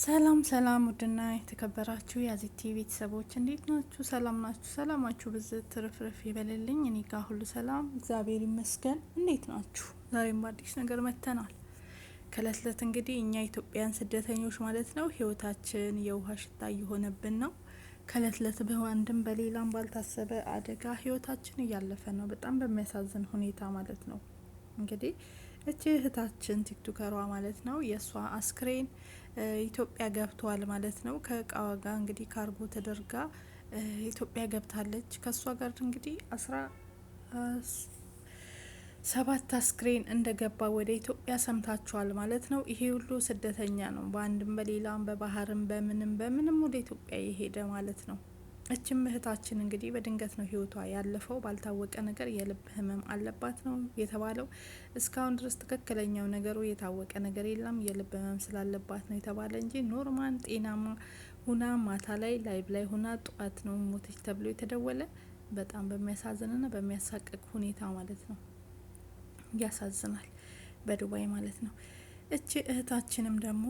ሰላም ሰላም፣ ውድና የተከበራችሁ ቲቪ ቤተሰቦች እንዴት ናችሁ? ሰላም ናችሁ? ሰላማችሁ ብዝ ትርፍርፍ ይበልልኝ። እኔ ጋር ሁሉ ሰላም እግዚአብሔር ይመስገን። እንዴት ናችሁ? ዛሬም በአዲስ ነገር መጥተናል። ከእለት እለት እንግዲህ እኛ ኢትዮጵያን ስደተኞች ማለት ነው ህይወታችን የውሃ ሽታ እየሆነብን ነው። ከእለት እለት በአንድም በሌላም ባልታሰበ አደጋ ህይወታችን እያለፈ ነው፣ በጣም በሚያሳዝን ሁኔታ ማለት ነው። እንግዲህ እቺ እህታችን ቲክቶከሯ ማለት ነው የእሷ አስክሬን ኢትዮጵያ ገብተዋል ማለት ነው። ከእቃዋ ጋር እንግዲህ ካርጎ ተደርጋ ኢትዮጵያ ገብታለች። ከእሷ ጋር እንግዲህ አስራ ሰባት አስክሬን እንደገባ ወደ ኢትዮጵያ ሰምታችኋል ማለት ነው። ይሄ ሁሉ ስደተኛ ነው፣ በአንድም በሌላም በባህርም በምንም በምንም ወደ ኢትዮጵያ የሄደ ማለት ነው። እችም እህታችን እንግዲህ በድንገት ነው ህይወቷ ያለፈው። ባልታወቀ ነገር የልብ ህመም አለባት ነው የተባለው። እስካሁን ድረስ ትክክለኛው ነገሩ የታወቀ ነገር የለም። የልብ ህመም ስላለባት ነው የተባለ እንጂ ኖርማን ጤናማ ሁና ማታ ላይ ላይብ ላይ ሁና ጠዋት ነው ሞተች ተብሎ የተደወለ በጣም በሚያሳዝንና በሚያሳቅቅ ሁኔታ ማለት ነው። ያሳዝናል። በዱባይ ማለት ነው። እቺ እህታችንም ደግሞ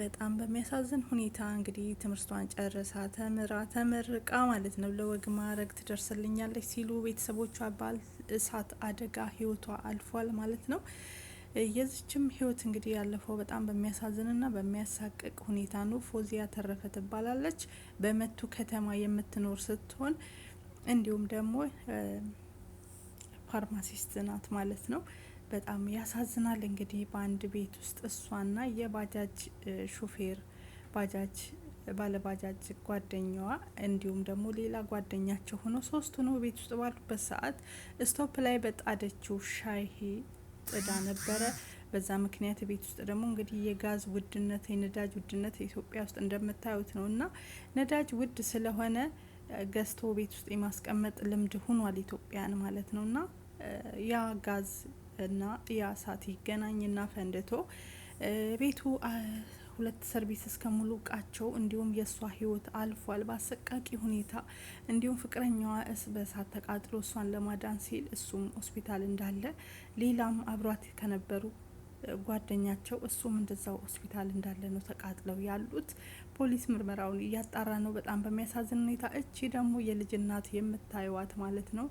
በጣም በሚያሳዝን ሁኔታ እንግዲህ ትምህርቷን ጨርሳ ተምራ ተመርቃ ማለት ነው ለወግ ማዕረግ ትደርስልኛለች ሲሉ ቤተሰቦቿ ባል እሳት አደጋ ህይወቷ አልፏል ማለት ነው። የዚችም ህይወት እንግዲህ ያለፈው በጣም በሚያሳዝንና በሚያሳቅቅ ሁኔታ ነው። ፎዚያ ተረፈ ትባላለች። በመቱ ከተማ የምትኖር ስትሆን እንዲሁም ደግሞ ፋርማሲስት ናት ማለት ነው። በጣም ያሳዝናል። እንግዲህ በአንድ ቤት ውስጥ እሷና የባጃጅ ሹፌር ባጃጅ ባለባጃጅ ጓደኛዋ እንዲሁም ደግሞ ሌላ ጓደኛቸው ሆኖ ሶስት ሆኖ ቤት ውስጥ ባሉበት ሰዓት ስቶፕ ላይ በጣደችው ሻይ ጥዳ ነበረ። በዛ ምክንያት ቤት ውስጥ ደግሞ እንግዲህ የጋዝ ውድነት የነዳጅ ውድነት ኢትዮጵያ ውስጥ እንደምታዩት ነው እና ነዳጅ ውድ ስለሆነ ገዝቶ ቤት ውስጥ የማስቀመጥ ልምድ ሁኗል ኢትዮጵያን ማለት ነው እና ያ ጋዝ እና ያ ይገናኝና ፈንድቶ ቤቱ ሁለት ሰርቪስ እስከ ሙሉ እቃቸው እንዲሁም የእሷ ህይወት አልፏል በአሰቃቂ ሁኔታ። እንዲሁም ፍቅረኛዋ እስ በእሳት ተቃጥሎ እሷን ለማዳን ሲል እሱም ሆስፒታል እንዳለ ሌላም አብሯት ከነበሩ ጓደኛቸው እሱም እንደዛው ሆስፒታል እንዳለ ነው ተቃጥለው ያሉት። ፖሊስ ምርመራውን እያጣራ ነው በጣም በሚያሳዝን ሁኔታ። እቺ ደግሞ የልጅ እናት የምታየዋት ማለት ነው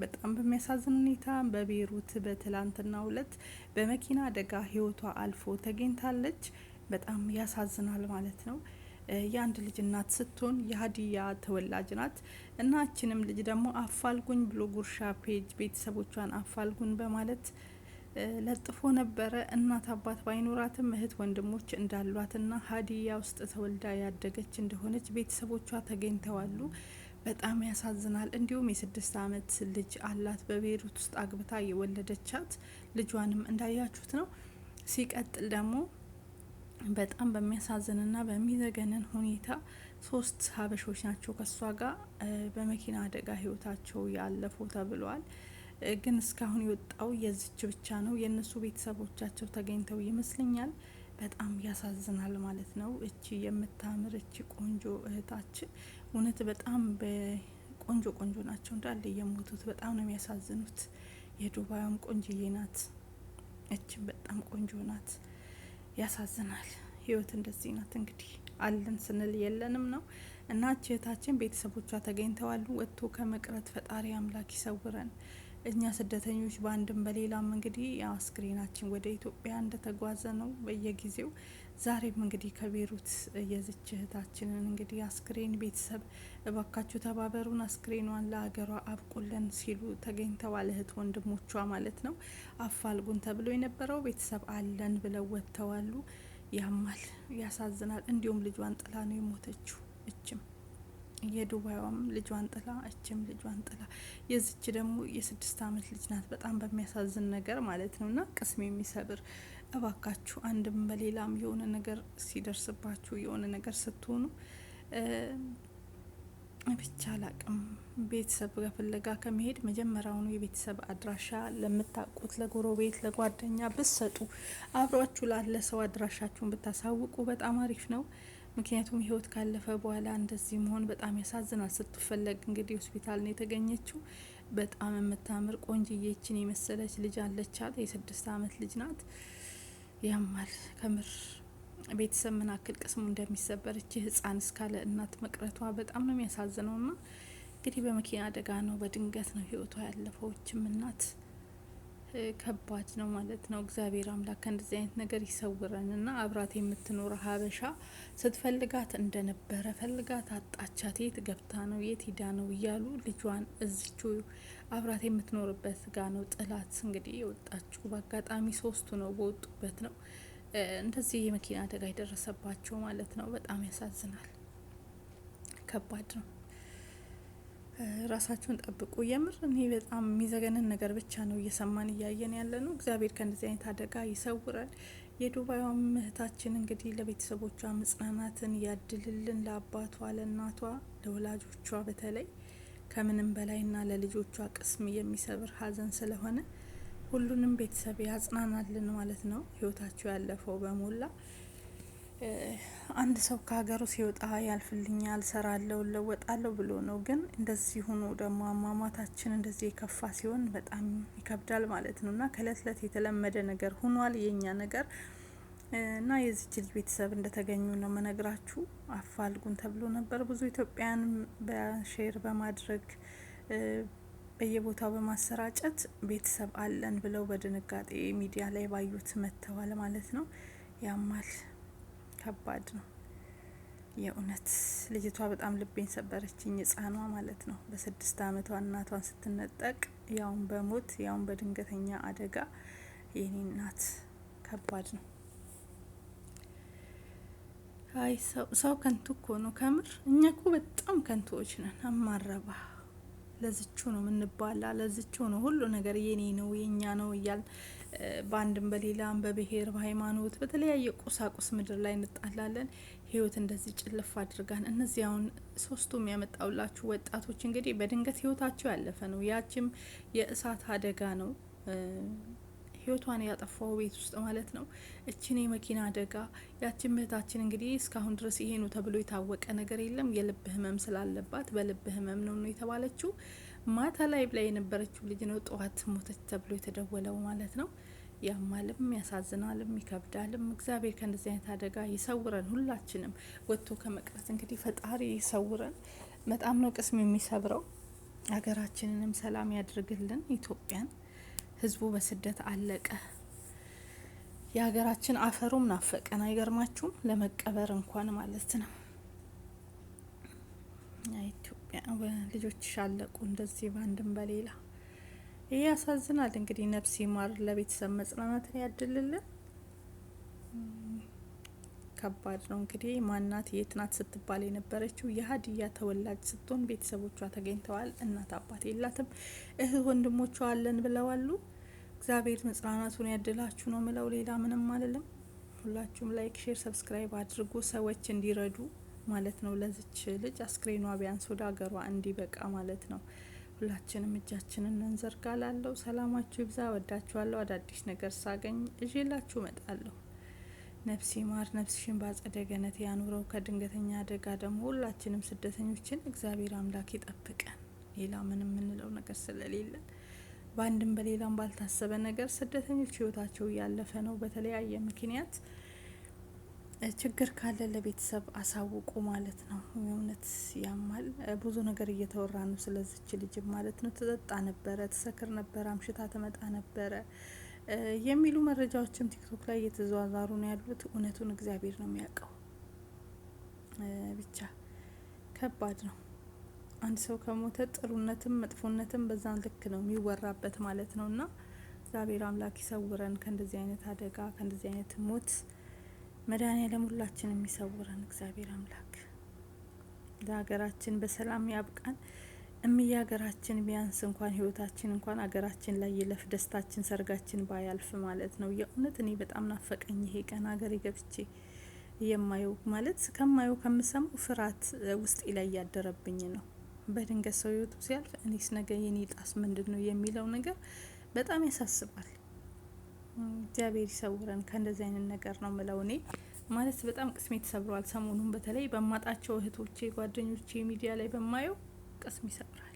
በጣም በሚያሳዝን ሁኔታ በቤሩት በትላንትናው ዕለት በመኪና አደጋ ህይወቷ አልፎ ተገኝታለች። በጣም ያሳዝናል ማለት ነው። የአንድ ልጅ እናት ስትሆን የሀዲያ ተወላጅ ናት። እናችንም ልጅ ደግሞ አፋልጉኝ ብሎ ጉርሻ ፔጅ ቤተሰቦቿን አፋልጉኝ በማለት ለጥፎ ነበረ። እናት አባት ባይኖራትም እህት ወንድሞች እንዳሏትና ሀዲያ ውስጥ ተወልዳ ያደገች እንደሆነች ቤተሰቦቿ ተገኝተዋሉ። በጣም ያሳዝናል። እንዲሁም የስድስት አመት ልጅ አላት በቤሩት ውስጥ አግብታ የወለደቻት ልጇንም እንዳያችሁት ነው። ሲቀጥል ደግሞ በጣም በሚያሳዝንና በሚዘገንን ሁኔታ ሶስት ሀበሾች ናቸው ከእሷ ጋር በመኪና አደጋ ህይወታቸው ያለፈው ተብሏል። ግን እስካሁን የወጣው የዝች ብቻ ነው። የእነሱ ቤተሰቦቻቸው ተገኝተው ይመስለኛል። በጣም ያሳዝናል ማለት ነው። እቺ የምታምር እቺ ቆንጆ እህታችን እውነት በጣም በቆንጆ ቆንጆ ናቸው እንዳለ የሞቱት። በጣም ነው የሚያሳዝኑት። የዱባይም ቆንጅዬ ናት፣ እችም በጣም ቆንጆ ናት። ያሳዝናል። ህይወት እንደዚህ ናት እንግዲህ አለን ስንል የለንም ነው እና እህታችን ቤተሰቦቿ ተገኝተዋሉ። ወጥቶ ከመቅረት ፈጣሪ አምላክ ይሰውረን። እኛ ስደተኞች በአንድም በሌላም እንግዲህ አስክሬናችን ወደ ኢትዮጵያ እንደተጓዘ ነው በየጊዜው ዛሬም እንግዲህ ከቤሩት የዝች እህታችንን እንግዲህ አስክሬን ቤተሰብ እባካችሁ ተባበሩን፣ አስክሬኗን ለሀገሯ አብቁልን ሲሉ ተገኝተዋል። እህት ወንድሞቿ ማለት ነው። አፋልጉን ተብሎ የነበረው ቤተሰብ አለን ብለው ወጥተዋሉ። ያማል፣ ያሳዝናል። እንዲሁም ልጇን ጥላ ነው የሞተችው። እችም የዱባይዋም ልጇን ጥላ፣ እችም ልጇን ጥላ። የዝች ደግሞ የስድስት አመት ልጅ ናት። በጣም በሚያሳዝን ነገር ማለት ነው እና ቅስም የሚሰብር እባካችሁ አንድም በሌላም የሆነ ነገር ሲደርስባችሁ የሆነ ነገር ስትሆኑ ብቻ አላቅም ቤተሰብ ጋር ፍለጋ ከመሄድ መጀመሪያውኑ የቤተሰብ አድራሻ ለምታውቁት ለጎረቤት፣ ለጓደኛ ብትሰጡ አብሯችሁ ላለ ሰው አድራሻችሁን ብታሳውቁ በጣም አሪፍ ነው። ምክንያቱም ህይወት ካለፈ በኋላ እንደዚህ መሆን በጣም ያሳዝናል። ስትፈለግ እንግዲህ ሆስፒታል ነው የተገኘችው። በጣም የምታምር ቆንጅዬችን የመሰለች ልጅ አለቻት። የስድስት አመት ልጅ ናት። ያማል ከምር ቤተሰብ ምን ያክል ቅስሙ እንደሚሰበር እቺ ህጻን እስካለ እናት መቅረቷ በጣም ነው የሚያሳዝነው። ና እንግዲህ በመኪና አደጋ ነው በድንገት ነው ህይወቷ ያለፈው እችም እናት ከባድ ነው ማለት ነው። እግዚአብሔር አምላክ ከእንደዚህ አይነት ነገር ይሰውረን እና አብራት የምትኖረ ሀበሻ ስትፈልጋት እንደነበረ ፈልጋት አጣቻት፣ የት ገብታ ነው የት ሂዳ ነው እያሉ ልጇን እዝቹ አብራት የምትኖርበት ጋ ነው ጥላት እንግዲህ የወጣችሁ። በአጋጣሚ ሶስቱ ነው በወጡበት ነው እንደዚህ የመኪና አደጋ የደረሰባቸው ማለት ነው። በጣም ያሳዝናል። ከባድ ነው። ራሳችሁን ጠብቁ። የምር እኔ በጣም የሚዘገንን ነገር ብቻ ነው እየሰማን እያየን ያለ ነው። እግዚአብሔር ከእንደዚህ አይነት አደጋ ይሰውራል። የዱባዩም እህታችን እንግዲህ ለቤተሰቦቿ መጽናናትን ያድልልን፣ ለአባቷ፣ ለእናቷ፣ ለወላጆቿ በተለይ ከምንም በላይና ለልጆቿ ቅስም የሚሰብር ሀዘን ስለሆነ ሁሉንም ቤተሰብ ያጽናናልን ማለት ነው። ህይወታቸው ያለፈው በሞላ አንድ ሰው ከሀገሩ ሲወጣ ያልፍልኛል፣ ሰራለው፣ ለወጣለው ብሎ ነው። ግን እንደዚህ ሆኖ ደግሞ አሟሟታችን እንደዚህ የከፋ ሲሆን በጣም ይከብዳል ማለት ነው እና ከእለት እለት የተለመደ ነገር ሆኗል የኛ ነገር እና የዚች ልጅ ቤተሰብ እንደተገኙ ነው መነግራችሁ። አፋልጉን ተብሎ ነበር። ብዙ ኢትዮጵያን በሼር በማድረግ በየቦታው በማሰራጨት ቤተሰብ አለን ብለው በድንጋጤ ሚዲያ ላይ ባዩት መጥተዋል ማለት ነው። ያማል። ከባድ ነው የእውነት ልጅቷ በጣም ልቤን ሰበረችኝ። ህጻኗ ማለት ነው በስድስት አመቷ እናቷን ስትነጠቅ ያውን በሞት ያውን በድንገተኛ አደጋ የኔ እናት ከባድ ነው። አይ ሰው ከንቱ እኮ ነው ከምር። እኛ እኮ በጣም ከንቱዎች ነን። አማረባ ለዝቹ ነው የምንባላ፣ ለዝቹ ነው ሁሉ ነገር የኔ ነው የእኛ ነው እያል በአንድም በሌላም በብሔር በሃይማኖት በተለያየ ቁሳቁስ ምድር ላይ እንጣላለን። ህይወት እንደዚህ ጭልፍ አድርጋን እነዚህ አሁን ሶስቱም ያመጣውላችሁ ወጣቶች እንግዲህ በድንገት ህይወታቸው ያለፈ ነው። ያችም የእሳት አደጋ ነው። ህይወቷን ያጠፋው ቤት ውስጥ ማለት ነው። እችን የመኪና አደጋ ያችን ምህታችን እንግዲህ እስካሁን ድረስ ይሄ ነው ተብሎ የታወቀ ነገር የለም። የልብ ህመም ስላለባት በልብ ህመም ነው ነው የተባለችው። ማታ ላይ ላይ የነበረችው ልጅ ነው ጠዋት ሞተች ተብሎ የተደወለው ማለት ነው። ያማልም ያሳዝናልም ይከብዳልም። እግዚአብሔር ከእንደዚህ አይነት አደጋ ይሰውረን፣ ሁላችንም ወጥቶ ከመቅረት እንግዲህ ፈጣሪ ይሰውረን። በጣም ነው ቅስም የሚሰብረው። ሀገራችንንም ሰላም ያድርግልን ኢትዮጵያን ህዝቡ በስደት አለቀ። የሀገራችን አፈሩም ናፈቀን። አይገርማችሁም? ለመቀበር እንኳን ማለት ነው። ኢትዮጵያ ልጆች አለቁ እንደዚህ በአንድም በሌላ ይህ ያሳዝናል። እንግዲህ ነፍስ ይማር፣ ለቤተሰብ መጽናናትን ያድልልን። ከባድ ነው እንግዲህ ማናት የትናት ስትባል የነበረችው የሀዲያ ተወላጅ ስትሆን ቤተሰቦቿ ተገኝተዋል። እናት አባት የላትም። እህት ወንድሞቿ አለን ብለዋሉ። እግዚአብሔር መጽናናቱን ያድላችሁ ነው ምለው፣ ሌላ ምንም አይደለም። ሁላችሁም ላይክ፣ ሼር፣ ሰብስክራይብ አድርጉ ሰዎች እንዲረዱ ማለት ነው። ለዚች ልጅ አስክሬኗ ቢያንስ ወደ ሀገሯ እንዲበቃ ማለት ነው። ሁላችንም እጃችንን እንዘርጋላለሁ። ሰላማችሁ ይብዛ። ወዳችኋለሁ። አዳዲስ ነገር ሳገኝ እዤላችሁ እመጣለሁ። ነፍስ ማር ነፍስሽን በአጸደ ገነት ያኑረው። ከድንገተኛ አደጋ ደግሞ ሁላችንም ስደተኞችን እግዚአብሔር አምላክ ይጠብቀን። ሌላ ምንም የምንለው ነገር ስለሌለን በአንድም በሌላም ባልታሰበ ነገር ስደተኞች ህይወታቸው እያለፈ ነው። በተለያየ ምክንያት ችግር ካለ ለቤተሰብ አሳውቁ ማለት ነው። እውነት ያማል። ብዙ ነገር እየተወራ ነው ስለዚች ልጅ ማለት ነው። ትጠጣ ነበረ፣ ትሰክር ነበረ፣ አምሽታ ትመጣ ነበረ የሚሉ መረጃዎችም ቲክቶክ ላይ እየተዘዋዛሩ ነው ያሉት። እውነቱን እግዚአብሔር ነው የሚያውቀው። ብቻ ከባድ ነው። አንድ ሰው ከሞተ ጥሩነትም መጥፎነትም በዛን ልክ ነው የሚወራበት ማለት ነው እና እግዚአብሔር አምላክ ይሰውረን ከእንደዚህ አይነት አደጋ ከእንደዚህ አይነት ሞት መድኃኔዓለም ሁላችንም የሚሰውረን እግዚአብሔር አምላክ ለሀገራችን በሰላም ያብቃን እምዬ ሀገራችን ቢያንስ እንኳን ህይወታችን እንኳን ሀገራችን ላይ ይለፍ ደስታችን ሰርጋችን ባያልፍ ማለት ነው የእውነት እኔ በጣም ናፈቀኝ ይሄ ቀን ሀገሬ ገብቼ የማየው ማለት ከማየው ከምሰማው ፍርሃት ውስጤ ላይ እያደረብኝ ነው በድንገት ሰው ህይወቱ ሲያልፍ እኔስ ነገ የኔ ጣስ ምንድን ነው የሚለው ነገር በጣም ያሳስባል። እግዚአብሔር ይሰውረን ከእንደዚህ አይነት ነገር ነው ምለው እኔ ማለት በጣም ቅስሜ ተሰብረዋል። ሰሞኑን በተለይ በማጣቸው እህቶቼ፣ ጓደኞቼ ሚዲያ ላይ በማየው ቅስሜ ይሰብራል።